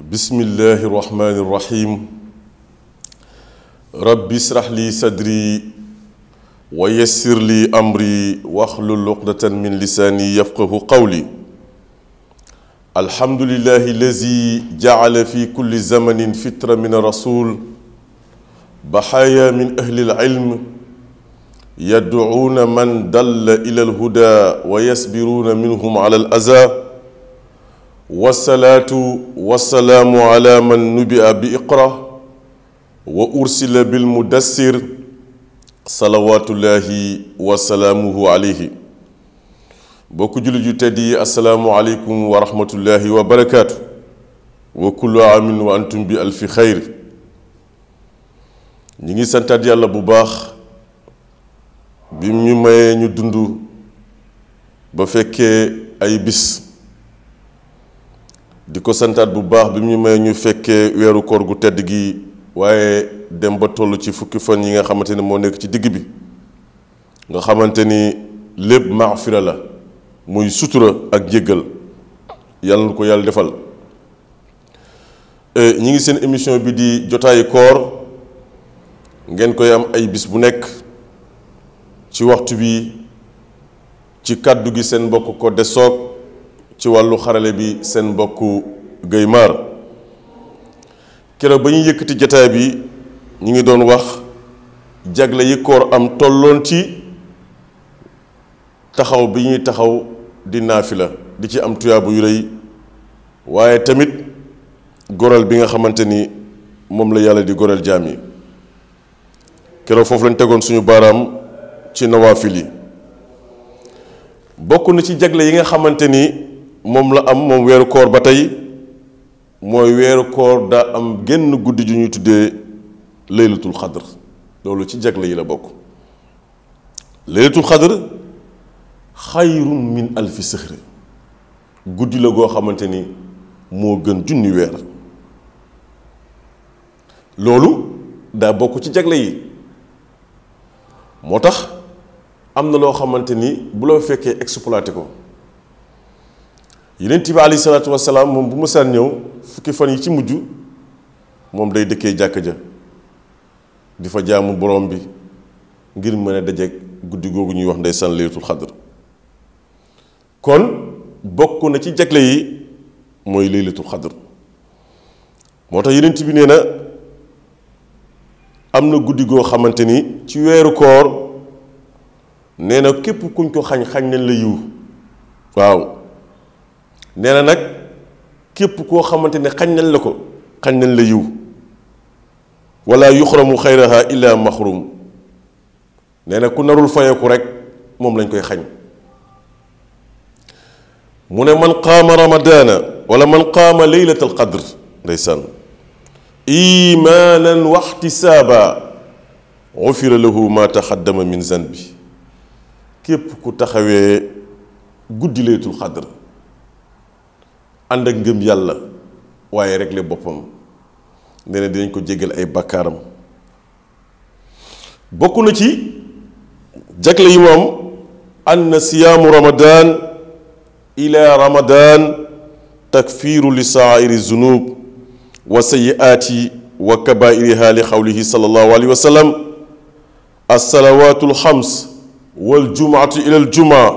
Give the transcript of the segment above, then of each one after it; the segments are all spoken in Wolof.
بسم الله الرحمن الرحيم رب اشرح لي صدري ويسر لي أمري واحلل عقدة من لساني يفقه قولي الحمد لله الذي جعل في كل زمن فترة من الرسول بحايا من أهل العلم يدعون من دل إلى الهدى ويصبرون منهم على الأذى والصلاة والسلام على من نبئ بإقرة وأرسل بالمدسر صلوات الله وسلامه عليه بوك جلجو تدي السلام عليكم ورحمة الله وبركاته وكل عام وأنتم بألف خير نيجي سنتاد الله بباخ باخ بيم ñu maye ñu dund ba di ko santaat bu baax bi mu ñu may ñu fekkee weeru koor gu tedd gi waaye dem ba toll ci fukki fan yi nga xamante ni moo nekk ci digg bi nga xamante ni lépp maafira la muy sutura ak njéggal yàlla na ko yàlla defal e, ñi ngi seen émission bi di jotaayu koor ngeen koy am ay bis bu nekk ci waxtu bi ci kàddu gi seen mbokk ko de soog ci wàllu xarale bi seen mbokku Guèye Mar keroog ba ñu yëkkati jataay bi ñu ngi doon wax jagle yi koor am tolloon ci taxaw bi ñuy taxaw di naafila di ci am tuyaabu yu rëy waaye tamit goreel bi nga xamante ni moom la yàlla di goreel jaam yi keroog foofu lañ tegoon suñu baaraam ci nawaafil yi bokk na ci jagle yi nga xamante ni moom la am moom weeru koor ba tey mooy weeru koor daa am génn guddi ju ñuy tuddee laylatul xadr loolu ci jagle yi la bokk laylatul xadr xayrun min alfi sëxri guddi la goo xamante ni moo gën junni weer loolu daa bokk ci jagle yi moo tax am na loo xamante ni bu la fekkee exploité ko yeneent bi alayhi salaatu wasalaam moom bu mu saan ñëw fukki fan yi ci mujj moom day dëkkee jàkk ja di fa jaamu borom bi ngir mën a guddi googu ñuy wax ndeysaan laylatul xadr kon bokk na ci jagle yi mooy laylatul xadr moo tax yeneent bi nee na am na guddi goo xamante ni ci weeru koor nee na képp kuñ ko xañ xañ nañ la yiw waaw nee na nag képp koo xamante ne xañ nañ la ko xañ nañ la yiw wala yuxramu xayraha illa maxrum nee na ku narul fayeku rek moom lañ koy xañ mu ne man qaama ramadaana wala man qaama leylata alqadr ndeysaan imaanan wa ixtisaaba ufira lahu ma taxaddama min zanbi képp ku taxawee guddi laytul xadr ànd ak ngëm yàlla waye rek le bopam neena dinañ ko jégal ay bakaram bokku na ci jagle yi moom ann siyaamu ramadan ila ramadan takfiru li saairi zunub wa sayiaati wa kabairiha li xawlihi sal alayhi wa sallam الصلوات الخمس والجمعة إلى الجمعة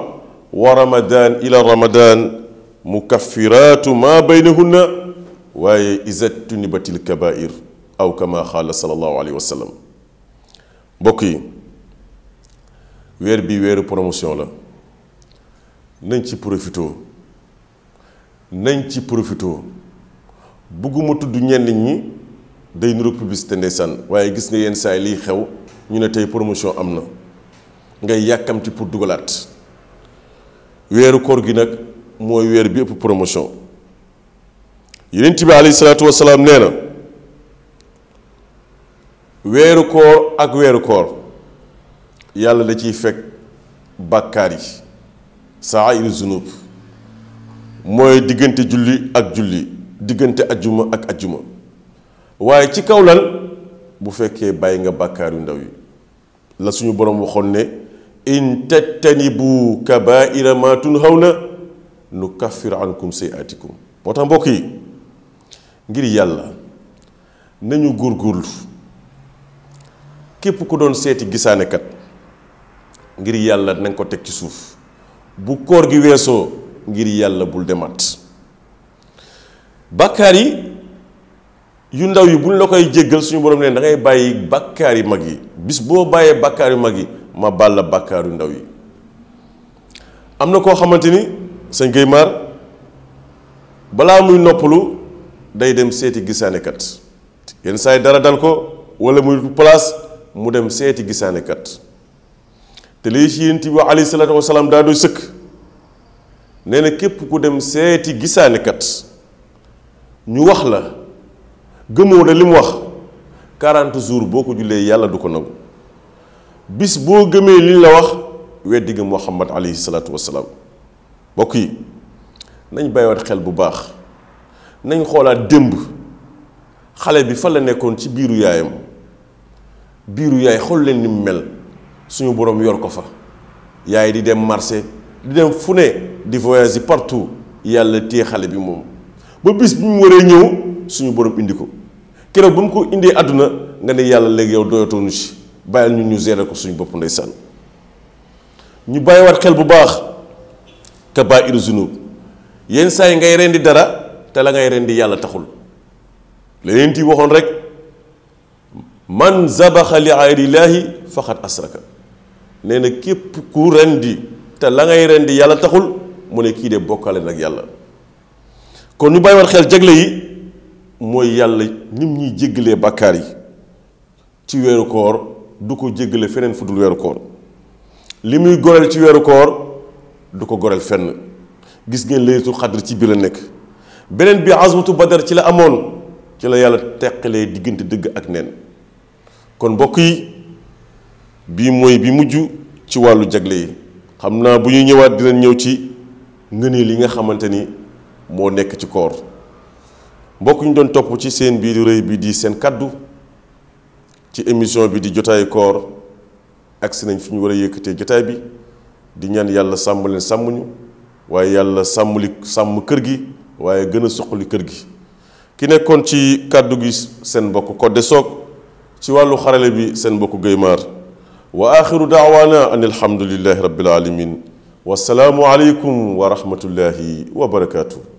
ورمضان إلى رمضان mukaffiraatu maa baynahunna waaye isatunibatil kabair aw kama xaala sallallahu alayhi wa sallam mbokk yi weer bi weeru promotion la nañ ci profito nañ ci profito bugguma tudd ñenn ñi day nuru publicité ndeysaan waaye gis nga yenn saa yi liy xew ñu ne tey promotion am na ngay yàkkamti pour dugalaat weeru koor gi nag mooy weer bi ëpp promotion yonent bi alayhi salaatu wasalaam na weeru koor ak weeru koor yàlla la ciy fekk bàkkaar yi saa iru zunub mooy diggante julli ak julli diggante ajjuma ak ajjuma waaye ci kaw lan bu fekkee bàyyi nga bàkkaar yu ndaw yi la suñu boroom waxoon ne in tajtanibu kabaira ma tunhawna nu kaffir ankum sayatikum moo tax mbokk yi ngir yàlla nañu góorgóorlu képp ku doon seeti gisaanekat ngir yàlla na ko teg ci suuf bu koor gi weesoo ngir yàlla bul demaat bàkkaar yi yu ndaw yi buñ la koy jéggal suñu borom leen da ngay bàyyi bàkkaar yu mag yi bis boo bàyyee bàkkaar yu mag yi ma bàll bàkkaar yu ndaw yi am na koo xamante ni sëñ Gueye balaa muy noppalu day dem seeti gisaanekat yenn saa yi dara dal ko wala muy place mu dem seeti gisaanekat te lii ci yéen bi alayhi salaatu sëkk nee na képp ku dem seeti gisaanekat ñu wax la gëmoo na li mu wax 40 jour boo ko jullee yàlla du ko nangu bis boo gëmee li ñu la wax weddi nga Muhammad alayhi salaatu wasalaam mbokk yi nañ bàyyiwaat xel bu baax nañ xoolaat démb xale bi fa la nekkoon ci biiru yaayam biiru yaay xool leen ni mu mel suñu borom yor ko fa yaay di dem marché di dem fu ne di voyage partout yàlla téye xale bi moom ba bis bi mu waree ñëw suñu borom indi ko keroog ba mu ko indee àdduna nga ne yàlla léegi yow doyatoonu ci bàyyil ñu ñu gérer ko suñu bopp ndeysaan ñu bàyyiwaat xel bu baax. kabaa'iru zunub yenn saa yi ngay rendi dara te la ngay rendi yàlla taxul leneen ti waxoon rek man zabaxa li xayrillaahi faqad asraka nee na képp ku rendi te la ngay rendi yàlla taxul mu ne kii de bokkale nag yàlla kon ñu bàyyi war xel jagle yi mooy yàlla nim ñuy jéggalee bàkkaar yi ci weeru koor du ko jéggale feneen fu dul weeru koor li muy goreel ci weeru koor du ko goreel fenn gis ngeen laylatul xadr ci biir la nekk beneen bi azmatu badar ci la amoon ci la yàlla teqalee diggante dëgg ak neen kon mbokk yi bii mooy bi mujj ci wàllu jagle yi xam naa bu ñuy ñëwaat dinañ ñëw ci ngëneel li nga xamante ni moo nekk ci koor mbokk ñu doon topp ci seen bii du rëy bi di seen kàddu ci émission bi di jotaayu koor agsi nañ fi ñu war a yëkkatee jotaay bi di ñaan yàlla sàmm leen sàmm ñu waaye yàlla sàmm li sàmm kër gi waye gëna a kër gi ki nekkon ci kàddu gi seen mbokk Codé Sock ci walu xarale bi seen bokk geymar wa akhiru da'wana anil hamdulillahi rabbil alamin wasalaamu aleykum wa rahmatullahi wa barakatuh